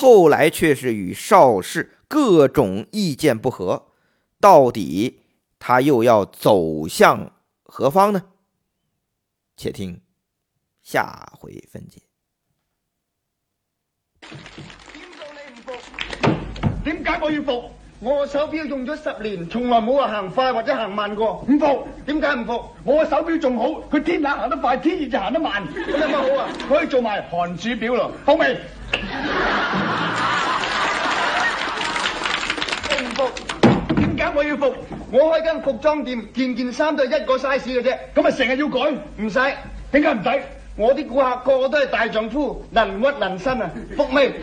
後來卻是與邵氏各種意見不合，到底他又要走向何方呢？且聽下回分解。點解你唔服？點解我要服？我手表用咗十年，從來冇話行快或者行慢過。唔服？點解唔服？我手表仲好，佢天冷行得快，天熱就行得慢。咁有乜好啊？可以做埋寒暑表咯？好未？唔服？點解我要服？我開間服裝店，件件衫都係一個 size 嘅啫，咁咪成日要改。唔使？點解唔使？我啲顧客個個都係大丈夫，能屈能伸啊！服未？